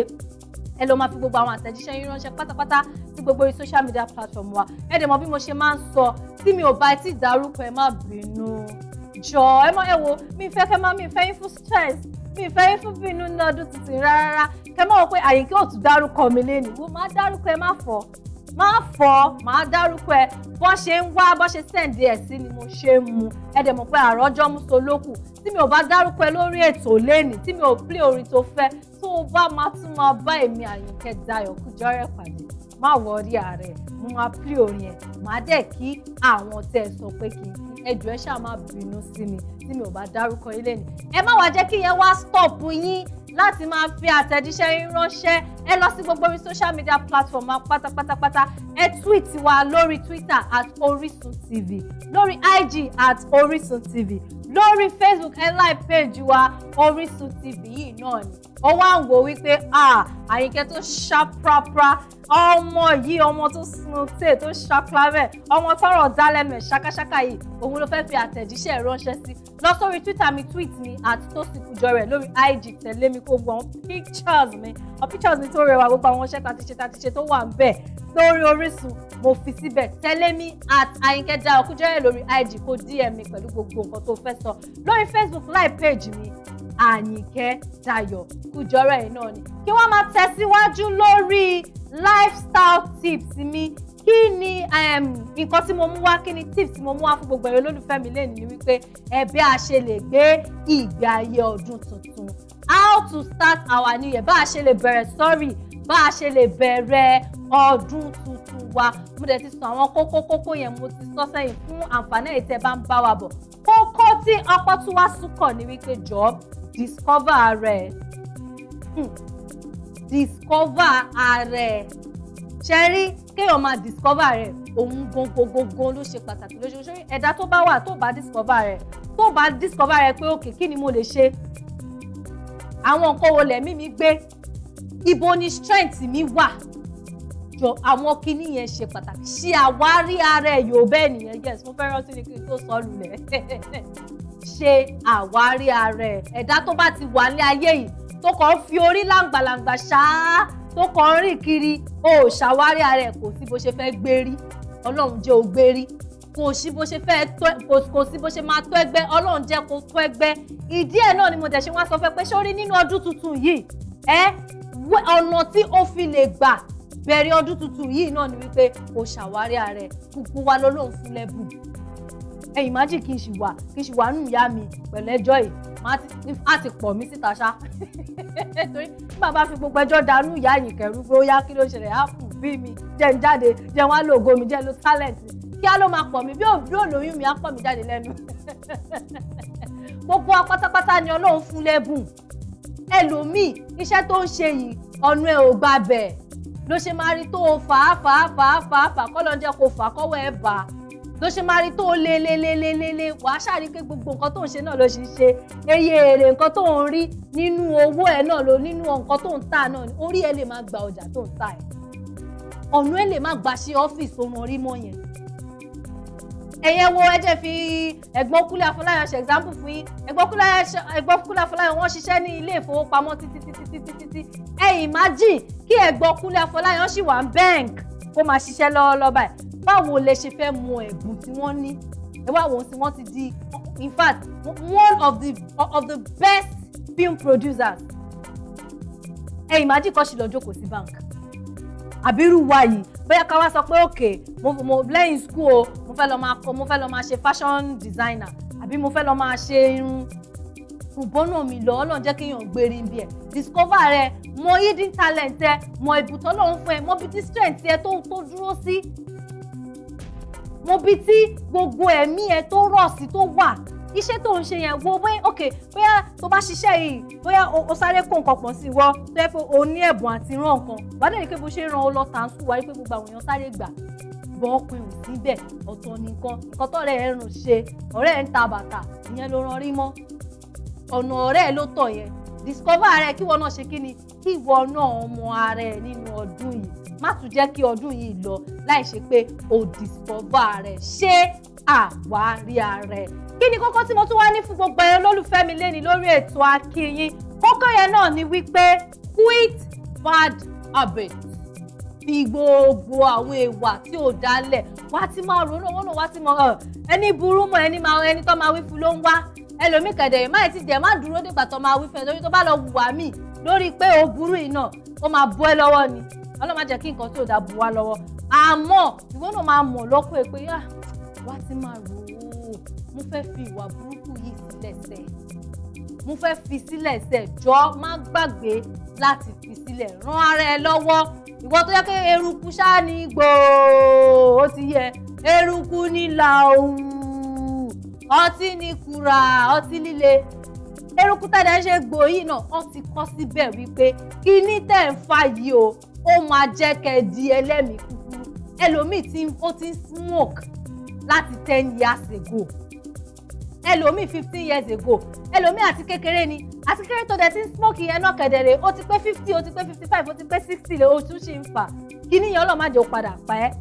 ẹ lọ máa fi gbogbo àwọn àtẹ̀jíṣẹ́ yín ránṣẹ́ pátápátá sí gbogbo orí social media platform wa ẹ dẹ̀ mọ̀ bí mo ṣe máa ń sọ tí mi ò bá ti dárúkọ ẹ má bínú jọ ẹ mọ wo mi fẹ́ kẹ́ mọ́ mi fẹ́ yín fún stress mi fẹ́ yín fún bínú nọdún tuntun rárá kẹ́ mọ̀ wọ́n ayin àyíké ò tún dárúkọ mi lẹ́nu wo máa dárúkọ ẹ má fọ́ máa fọ́ máa dárúkọ ẹ bọ́n ṣe ń wá bọ́n ṣe sẹ́ǹdì ẹ̀ sí ni mo ṣe ń mu ẹ dẹ̀ mọ̀ pé àrọ́jọ́ mú so lókù tí mi ò bá dárúkọ ẹ lórí ètò lẹ́nìí tí mi ò plé orin tó fẹ́ tó o bá máa tún máa bá èmi àyìnkẹ́ dayọ̀ kújọ́rẹ́ pàdé má wọrí ààrẹ mo máa plé orin ẹ̀ má dẹ̀ kí àwọn tẹ̀ sọ pé kì í kú ẹjọ́ ẹ ṣáà má bínú sí mi tí mi ò bá dárúkọ yín lẹ́nu ẹ má wàá jẹ́ kí yẹn wá stop yín láti máa fi àtẹ̀jíṣẹ́ yín ránṣẹ́ ẹ lọ sí gbogbo orí social media platform pátápátápátá ẹ tweet wa lórí twitter at orisun tv lórí ig at orisun tv lórí facebook ẹ like page wa orisun tv yìí náà ni ó wá ń wò wípé àyíkẹ́ tó ṣàprápra ọmọ yìí ọmọ tó snute tó ṣàplavẹ̀ ọmọ tọrọ dálẹ́nu ẹ̀ ṣákáṣáká yìí òun ló fẹ́ fi àtẹ̀jíṣẹ́ ránṣẹ́ sí lọ sórí twitter mi tweet mi àti tó sì kújọ rẹ̀ lórí ig tẹ̀lé mi kó gbọ́ àwọn pictures mi àwọn pictures mi tó rẹwà gbogbo àwọn iṣẹ́ tàtiṣe tàtiṣe tó wà ń bẹ̀ lórí orísun mo fi síbẹ̀ tẹ̀lé mi at àyínkẹ́ dá ọkújọ́rẹ́ lórí ig kó dm mi pẹ̀lú gbogbo nǹkan tó fẹ́ sọ lórí facebook live page mi àyìnkẹ́ dayọ̀ kùjọ́rọ̀ ẹ̀ náà ni kí wọ́n máa tẹ̀síwájú lórí lifestyle tips mi kí ni nǹkan tí mo mú wá kí ni tips mo mú wá fún gbogbo ẹ̀rọ olólùfẹ́ mi lẹ́nu wípé ẹ a ṣe lè gbé ìgbé ayé ọdún tuntun how to start our new year bá a ṣe lè bẹ̀rẹ̀ sorry bá a ṣe lè bẹ̀rẹ̀ ọdún tuntun wa mo dẹ̀ ti sọ àwọn kókó kókó yẹn mo ti sọ sẹ́yìn fún àǹfààní èyí tẹ́ bá ń bá wa bọ̀ kókó tí ọpọ́ tún wá sùn ni wípé jọ̀ọ́ discover ara hmm. discover ara ẹ̀ ṣe rí kéèyàn máa discover rẹ̀ òun gangan ló ṣe pàtàkì lóṣooṣù ẹ̀dá tó bá wà tó bá discover rẹ̀ tó bá discover rẹ̀ pé òkè kí ni mo lè ṣe àwọn nǹkan wo lẹ̀mí mi gbé ibo ni strength mi wà jọ àwọn kinní yẹn ṣe pàtàkì ṣe àwárí ara ẹ̀ yóò bẹ́ẹ̀ nìyẹn yes mo fẹ́ràn tí ni kí n tó sọ lulẹ̀ <laughs> ṣe àwárí ara ẹ̀ ẹ̀dá tó bá ti wà ní ayé yìí tó kàn ń fi orí làǹgbàlàǹgbà ṣáá tó kàn ń rìn kiri o ò ṣàwárí ara ẹ̀ kò sí bó ṣe fẹ́ gbé rí ọlọ́run jẹ́ o gbé rí kò sí bó ṣe fẹ́ kò sí bó máa tó ẹgbẹ́ ọlọ́run jẹ́ kó tó ẹgbẹ́ ìdí ẹ̀ náà ni mo dẹ̀ ṣe wá sọ fẹ́ pé sórí nínú ọdún tuntun yìí ẹ ọ̀nà tí o fi lè gbà bẹ̀rẹ̀ ọdún tuntun yìí náà ni wípé o ṣàwárí ara ẹ̀ gbogbo wa lọ́lọ́run fún lẹ́bùn ẹ̀yìn májì kí n ṣì wà kí n ṣì wà nù ìyá mi pẹ̀lú ẹjọ́ yìí má ti pọ̀ mí síta ṣá <laughs> torí bàbá fi gbogbo ẹjọ́ dànù ìyá yìí kẹ̀rú pé yá kí ló ṣẹlẹ̀ á kù bí mi jẹ́ ń jáde jẹ́ wá lo ògo mi jẹ́ lo talent kí ló máa pọ̀ mí bí òdúró lóyún mi á pọ̀ mí jáde lẹ́nu <laughs> gbogbo wa pátápátá ni Ọlọ́run fún lẹ́bùn ẹlòmíì iṣẹ́ tó ń ṣe yìí ọ̀nà ẹ̀ ò gbà ló ṣe máa rí tó o fà á fà kọ́wọ́ ẹ̀ bà ló ṣe máa rí tó lé lé lé lé lé lé wàá ṣàrí pé gbogbo nǹkan tó ń ṣe náà ló ṣe ń ṣe eye èrè nǹkan tó ń rí nínú owó ẹ náà ló nínú nǹkan tó ń tà náà ni orí ẹ lè máa gba ọjà tó ń tà ẹ ọ̀nà ẹ lè máa gbà ṣe ọ́fíìsì ohun orí mọ́ yẹn ẹ̀yẹ wo ẹ jẹ́ fi ẹ̀gbọ́n Kúnlé Afọláyan ṣe example fún yín ẹ̀gbọ́n Kúnlé Afọláyan wọ́n ṣiṣẹ́ ní ilé ìfowópamọ́ títí títí títí títí ẹ imagine kí ẹ̀gbọ́n Kúnlé Afọláyan ṣì wà ń bẹ́ǹk báwo lẹ ṣe fẹ́ mọ ẹ̀bùn tí wọ́n ní ẹ wá wọn tí wọ́n ti di in fact one of the of the best film producers ẹ ìmájì kan ṣì lọ jókòó sí bank àbírú wa yìí bóyá ká wá sọ pé òkè mo mo lẹ́yìn school o mo fẹ́ lọ máa kọ mo fẹ́ lọ máa ṣe fashion designer àbí mo fẹ́ lọ máa ṣe irun kùbọ́nà mi lọ ọlọ́run jẹ́ kéèyàn gbèrè ibi ẹ̀ discover rẹ mọ hidden talent ẹ mọ ibùtọ́ lọ́run fún ẹ mọ bíi strength ẹ tó tó dúró sí wo bí tí gbogbo ẹ̀mí ẹ tó rọ̀ sí tó wà iṣẹ́ tó ń ṣe yẹn wo wé ok bóyá tó bá ṣiṣẹ́ yìí bóyá o sáré kó nǹkan pọ̀ sí wọ́ tó yẹ pé o ní ẹ̀bùn àti ràn nǹkan wàá dẹ̀ ní pé bó ṣe ràn ó lọ tàǹsù wáyé pé gbogbo àwọn èèyàn sáré gbà bọ́ ọkùnrin ò síbẹ̀ ọ̀tọ̀ nìkan nǹkan tọ́rẹ̀ ẹ̀ ń ṣe ọ̀rẹ́ ẹ̀ ń ta bàtà ìyẹn ló rán rí mọ́ ọ̀nà ọ̀rẹ́ ẹ̀ ló tọ̀ yẹn discover ara ẹ̀ kí wọn náà ṣe kí ni kí wọn má tún jẹ́ kí ọdún yìí lọ láì ṣe pé o discover rẹ̀ ṣe àwárí rẹ̀. kí ni kókó tí mo tún wá ní fún gbogbo ẹ̀yàn lólùfẹ́ mi lẹ́ni lórí ètò akínyìn kókó yẹn náà ni wípé quit bad habits fi gbogbo àwọn ìwà tí ò dálẹ̀ wá ti máa ronú owó náà wá ti máa ẹni burú mọ́ ẹni máa ẹni tó máa wí fún ló ń wá ẹlòmíì kẹ̀dẹ̀ má ti jẹ́ má dúró dìgbà tó máa wí lórí tó bá lọ wùwà mí lórí pé o burú yìí náà ó máa bọ́ ẹ lọ́wọ́ ni ọlọ́run má jẹ́ kí nǹkan tí ò dáa bù wá lọ́wọ́ àmọ́ ìwọ náà máa mọ̀ lọ́kọ̀ ẹ̀ pé ah, wá ti máa rò ó mo fẹ́ fi ìwà burúkú yìí sílẹ̀ sẹ́ mo fẹ́ fi sílẹ̀ sẹ́ jọ má gbàgbé láti fi sílẹ̀ ran ara ẹ lọ́wọ́ ìwọ tó yẹ kí eruku ṣáá ní gbòòó ó ti yẹ eruku nílà òun ọtí ní kura ọtí líle eruku tẹ́lẹ̀ ṣe gbòó yìí náà wọ́n ti kọ́ síbẹ̀ wípé kíní tẹ̀ ń fa yìí o ó máa jẹ́ kẹ́ ẹ di ẹlẹ́mìí kúkúrú ẹlòmíì tí ó ti ń smoke láti ten years ago ẹlòmíì fifteen years ago ẹlòmíì àti kékeré ni àti kékeré tó dẹ̀ ti ń smoke yẹn náà kẹ̀dẹ̀rẹ̀ ó ti pé fifty ó ti pé fifty five ó ti pé sixty lè o tún ṣì ń fà kí níyàn ọlọ́màjò padà pa ẹ́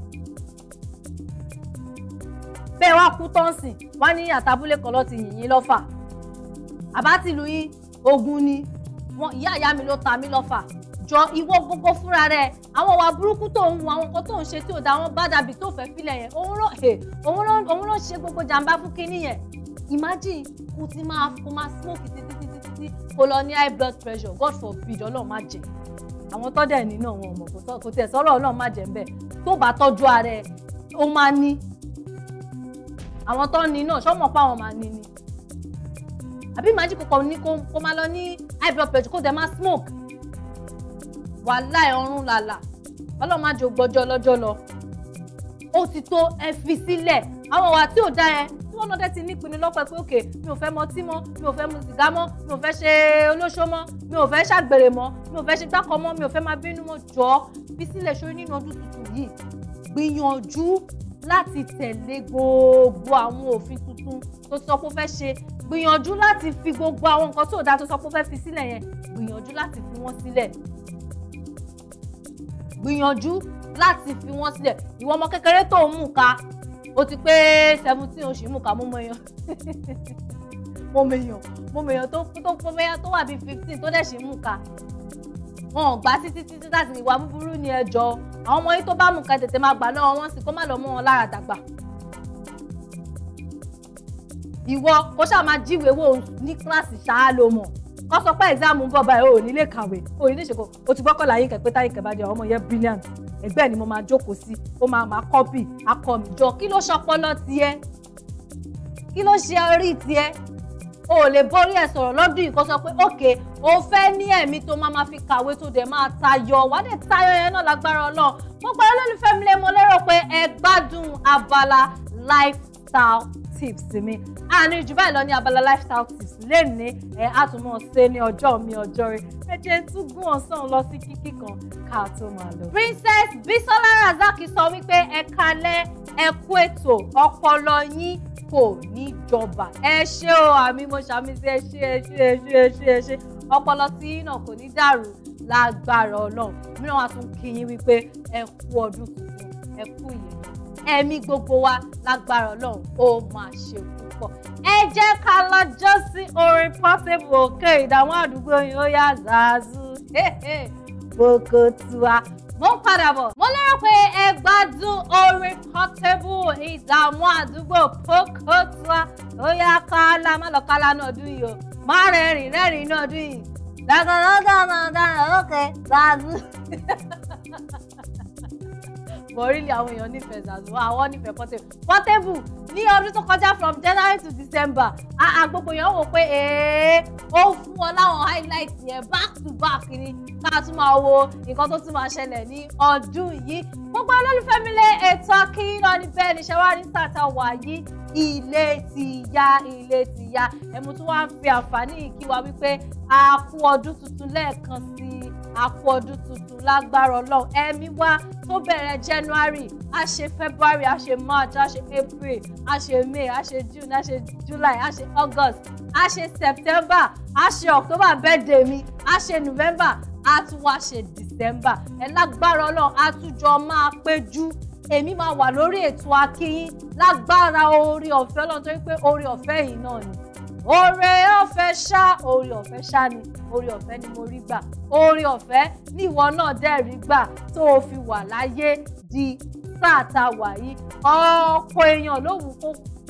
bẹ́ẹ̀ wá kú tọ́ǹsì wá ní àtàbúlé kan lọ́ọ́ ti yìnyín lọ́fà àbá tìlú yín ogun ni ìyá ìyá mi ló ta mí lọ́fà jọ ìwọ gbogbo fúnra rẹ àwọn ìwà burúkú tó ń hu àwọn nǹkan tó ń ṣe tí ò da àwọn bá dàbí tó fẹ́ filẹ̀ yẹn eh, òun ló òun ló ṣe gbogbo jàǹbá fún kinní yẹn imagine kò ti máa kò máa smoke títí títí títí kò lọ ní high blood pressure god forbid ọlọ́run má jẹ́ àwọn tó nínú àwọn ọmọ kò tẹ̀ sọ́rọ̀ ọlọ́run má jẹ́ ń bẹ̀ tó bá tọ́jú ara ẹ̀ ó máa ní àwọn tó ní náà sọ́mọ̀ pa àwọn máa ní ni àbí imagine kò kọ́ ní kó máa lọ ní high blood pressure kó dẹ̀ máa smoke wàhálà ẹ̀ ọ̀run làlà ọlọ́run má jò gbọ́jọ́ lọ́jọ́ lọ ó ti tó ẹ fi sílẹ̀ àwọn wà tí ò dá ẹ tí wọ́n náà dẹ́ ti nípinnu lọ́pọ̀ pé òkè mi ò fẹ́ mọtí mọ́ mi ò fẹ́ mu sìgá mọ́ mi ò fẹ́ ṣe olóṣó mọ́ mi ò fẹ́ ṣàgbèrè mọ́ mi ò fẹ́ ṣe gbákọ̀ mọ́ mi ò fẹ́ máa bínú mọ́ jọ́ fi sílẹ̀ ṣorí nínú ọdún tuntun yìí gbìyànjú láti tẹ̀lé gbogbo àwọn òfin tuntun tó sọ pé ó fẹ́ ṣe gbìyànjú láti fi gbogbo àwọn nǹkan tó dáa tó sọ pé ó fẹ́ fi sílẹ̀ yẹn gbìyànjú láti fi wọ́n sílẹ̀ gbìyànjú láti fi wọ́n sílẹ̀ ìwọ ọmọ kékeré tó ń mú ká o ti pé seventeen oṣù mú ká mú <laughs> mọ èèyàn mo mèèyàn mo mèèyàn tó tó fọmẹyà tó wà bíi fifteen tó dẹ̀ ṣe mú ká wọn ò gbá títí títí láti ìwà búburú ni ẹjọ́ àwọn ọmọ yìí tó bá mú ká tètè máa gbà náà wọ́n sì kó má lọ mọ́ wọn lára dàgbà ìwọ kó ṣáà máa jíwèé wò ní kíláàsì ṣáá ló mọ̀ kọ́ sọ pé ẹ̀sáàmù ń bọ̀ báyìí o ò nílé kàwé o ò ní ìṣèkò o ti gbọ́kọ̀ láyé kẹ̀pẹ́ táyé kẹ̀ bá jẹ ọmọ yẹn brilliant ẹgbẹ́ ni mo máa jókòó sí ó máa máa kọ́pì akọ mi jọ kí ló ṣọpọlọ tiẹ̀ kí ló ṣe orí tiẹ̀ o ò lè borí ẹ̀ sọ̀rọ̀ lọ́dún yìí kó sọ pé òkè o fẹ́ ní ẹ̀mí tó máa máa fi kàwé tó dẹ̀ máa tayọ wà á dẹ̀ tayọ yẹn náà lágbára Ọlọ́run mo gbọ́dọ̀ lólùfẹ́ mi lé mo lérò pé ẹ gbádùn abala lifestyle tips mi àní jù báyìí lọ ní abala lifestyle tips lẹ́ni ẹ̀ á tún mọ̀ ṣe ní ọjọ́ mi ọjọ́ rẹ̀ ẹ jẹ́ tún gún ọ̀sán lọ sí kíkí kan ká tó máa lọ. Princess Bisola Razak sọ wípé ẹ kalẹ̀ ẹ kú ètò ọpọlọ yín kò ní jọba ẹ ṣé o àmì mo ṣàmì sí ẹ ṣé ẹ ṣé ẹ ṣé ẹ ṣé ẹ ṣé ọpọlọ tí yín náà kò ní dàrú lágbára Ọlọ́run mìíràn wá tún kí yín wípé ẹ kú ọdún tuntun ẹ kú ìyẹn ẹ̀mí gbogbo wa lágbára ọlọ́run ó máa ṣe púpọ̀. ẹ jẹ́ ká lọ jọ́ sí orin possible òkè ìdààmú àdúgbò yìí ó yá zazu bokotua mo ń padà bọ̀. mo lérò pé ẹ gbádùn orin Portable ìdààmú àdúgbò Bokotua ó yá kálá má lọ kálá náà dùn yìí o má rẹ́rìn rẹ́rìn náà dùn yìí. lágbàdo dáná dáná ókè zazu. <laughs> but really àwọn èèyàn nífẹ̀ẹ́ zazu àwọn nífẹ̀ẹ́ portable portable ní ọdún tó kọjá from january to december àà èèyàn wò pé ó fún ọ láwọn highlight yẹn back to back ni ká tún máa wo nǹkan tó tún máa ṣẹlẹ̀ ní ọdún yìí gbogbo olólùfẹ́ mi lé ètò kí lọ ní bẹ́ẹ̀ ni ṣẹ́wá ní sàtà wà ilé ti ya ilé ti ya ẹ̀mú tí wọ́n á fi àǹfààní ìkíwa wípé a kú ọdún tuntun lẹ́ẹ̀kan sí i àpò ọdún tuntun lágbára ọlọ́run ẹ̀mí wa tó bẹ̀rẹ̀ january a ṣe february a ṣe march a ṣe april a ṣe may a ṣe june a ṣe july a ṣe august a ṣe september a ṣe october birthday mi a ṣe november a tún wá ṣe december ẹ lágbára ọlọ́run a tún jọ máa péjú èmi máa wà lórí ètò akínyín lágbára oore ọ̀fẹ́ lọ́n torí pé oore ọ̀fẹ́ yìí náà ni oore ọ̀fẹ́ ṣá oore ọ̀fẹ́ ṣá ni oore ọ̀fẹ́ ni mo rí gbà oore ọ̀fẹ́ ni ìwọ náà dẹ̀ rí gbà tó o fi wà láyé di sáà tá a wà yìí ọ̀pọ̀ èèyàn ló wù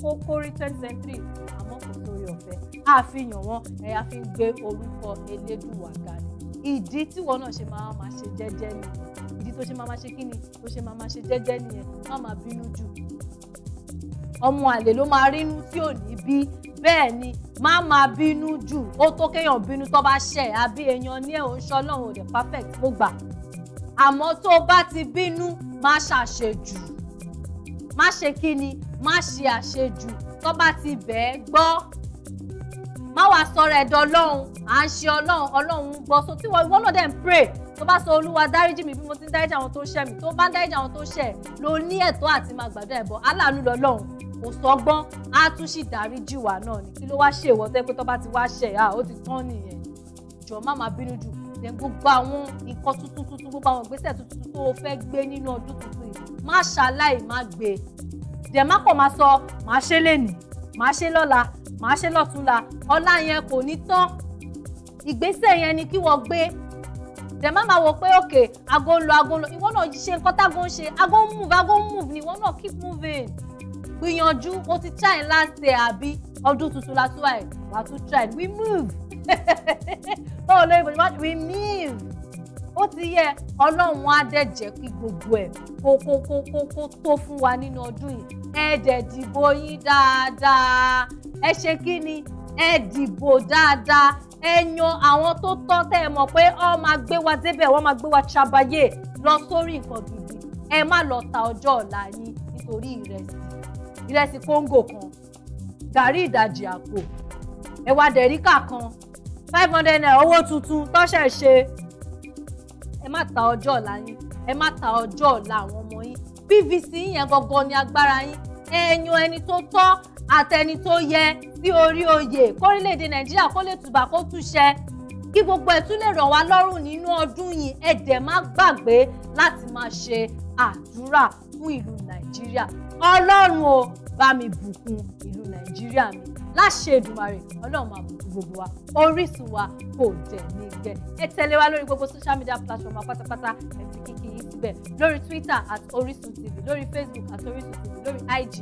kó kórí twenty twenty three àmọ́ kò sórí ọ̀fẹ́ àfihàn wọn ẹ̀yà fi ń gbé orúkọ elédùwà ga ni ìdí tí wọn náà ṣe máa máa ṣe jẹ́jẹ́ ni ìdí tó ṣe máa máa ṣe kí ni tó ṣe máa máa ṣe jẹ́jẹ́ nìyẹn má máa bínú jù ọmọ àlè ló máa rínú tí ò ní bí bẹ́ẹ̀ ni má máa bínú jù ó tó kéèyàn bínú tó bá ṣẹ̀ àbí èèyàn ní ẹ̀ ṣọ́ lọ́run ò dẹ̀ perfect mo gbà àmọ́ tó o bá ti bínú má ṣàṣejù má ṣe kí ni má ṣe àṣejù tó bá ti bẹ̀ẹ́ gbọ́ má wàá sọ̀rọ̀ ẹ̀dọ̀ ọlọ́run à ń ṣe ọlọ́run ọlọ́run ń gbọ́ so tí ìwọ náà dẹ̀ ń pray tó bá sọ olúwa dáríjì mi bí mo ti ń dáríjì àwọn tó ń ṣẹ̀ mi tó bá ń dáríjì àwọn tó ń ṣẹ̀ ló ní ẹ̀tọ́ àti máa gbàdúrà ẹ̀bọ aláàánú lọ́lọ́run kò sọgbọ́n á tún sì dárí jì wá náà ni kí ló wá ṣe ìwọ́n tó pé tó ti wá ṣẹ̀ á ó ti tán nìyẹn jọ má má bínú jù then gbogbo àwọn nǹkan tuntun tuntun gbogbo àwọn ìgbésẹ̀ tuntun tó o fẹ́ gbé nínú ọdún tuntun yìí má ṣaláì má gbé then má pọ̀ má sọ má ṣe lénìí má ṣe lọ́la má ṣe lọ́túnla ọlá yẹn kò ní tán ìgbésẹ̀ yẹn ni kí wọ́n gbé dẹ̀ má máa wò pé òkè aago ń ìwọ náà ṣe nǹkan tágo ń ṣe aago move aago ń move ni ìwọ náà keep moving. We gbìyànjú o ti try last year àbí ọdún tuntun la tún wà ẹ̀ wà tún try we move <laughs> báwo lórí ìbòjú wá we move ó ti yẹ ọlọ́run á dẹ̀ jẹ́ kí gbogbo ẹ̀ kó kó kó kó kó tó fún wa nínú ọdún yìí ẹ dẹ̀ dìbò yín dáadáa ẹ ṣe kí ni ẹ dìbò dáadáa ẹ yan àwọn tó tọ́ tẹ́ ẹ mọ̀ pé ọ máa gbé wa débẹ̀ wọ́n máa gbé wa ṣàbàyè lọ sórí nǹkan gidi ẹ má lọ ta ọjọ́ ọ̀la yín nítorí ìrẹsì ìrẹsì kóńgò kan gàrí ìdajì àpò ẹ̀wà dẹ̀ríkà kan five hundred naira owó tuntun tọ́ṣẹ̀ ṣe ẹ má ta ọjọ́ ọ̀la yín ẹ má ta ọjọ́ ọ̀la àwọn ọmọ yín pvc yẹn gangan ni agbára yín ẹ̀yàn ẹni tó tọ́ àtẹni tó yẹ sí orí oyè kórílẹ̀-èdè nàìjíríà kó lè tùbà kó túṣẹ kí gbogbo ẹ̀ tún lè rọ̀ wá lọ́rùn nínú ọdún yìí ẹ dẹ̀ má gbàgbé láti máa ṣe àdúrà fún ìlú nàìjíríà ọlọ́run o bá mi bùkún ìlú nàìjíríà mi láṣẹ Èdùmàrè ọlọ́run máa bùkún gbogbo wa orísun wa kò dẹ̀ ní gbẹ ẹ tẹ̀lé wa lórí gbogbo social media platform wa pátápátá ẹ̀sìn kìkì yìí síbẹ̀ lórí Twitter at Orisun TV lórí Facebook at Orisun TV lórí IG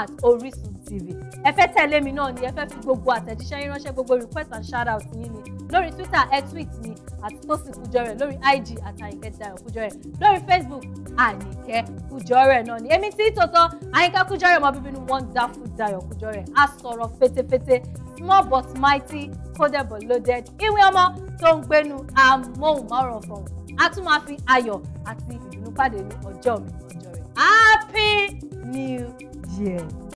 at Orisun TV ẹ fẹ́ tẹ̀lé mi náà ni ẹ fẹ́ fi gbogbo àtẹ̀jíṣẹ́ yín ránṣẹ́ gbogbo request and shout out yín ni lórí twitter ẹ tweet mi àti Tosin Kujore lórí ig àti Àyìnkẹ́ Dayọ̀ Kujore lórí facebook Àyìnkẹ́ Kujore náà ni èmi tí tòótọ́ Àyìnkẹ́ Kujore ọmọ bíbí ni wonderful Dayọ̀ Kujore a sọ̀rọ̀ fetefete small but mighty coded but loaded ìwé ọmọ tó ń gbénu amóhùnmáwòrán fọ̀hún a tún máa fi ayọ̀ àti ìdùnnú pàdé ní ọjọ́ mi ọjọ́ rẹ̀ happy new year.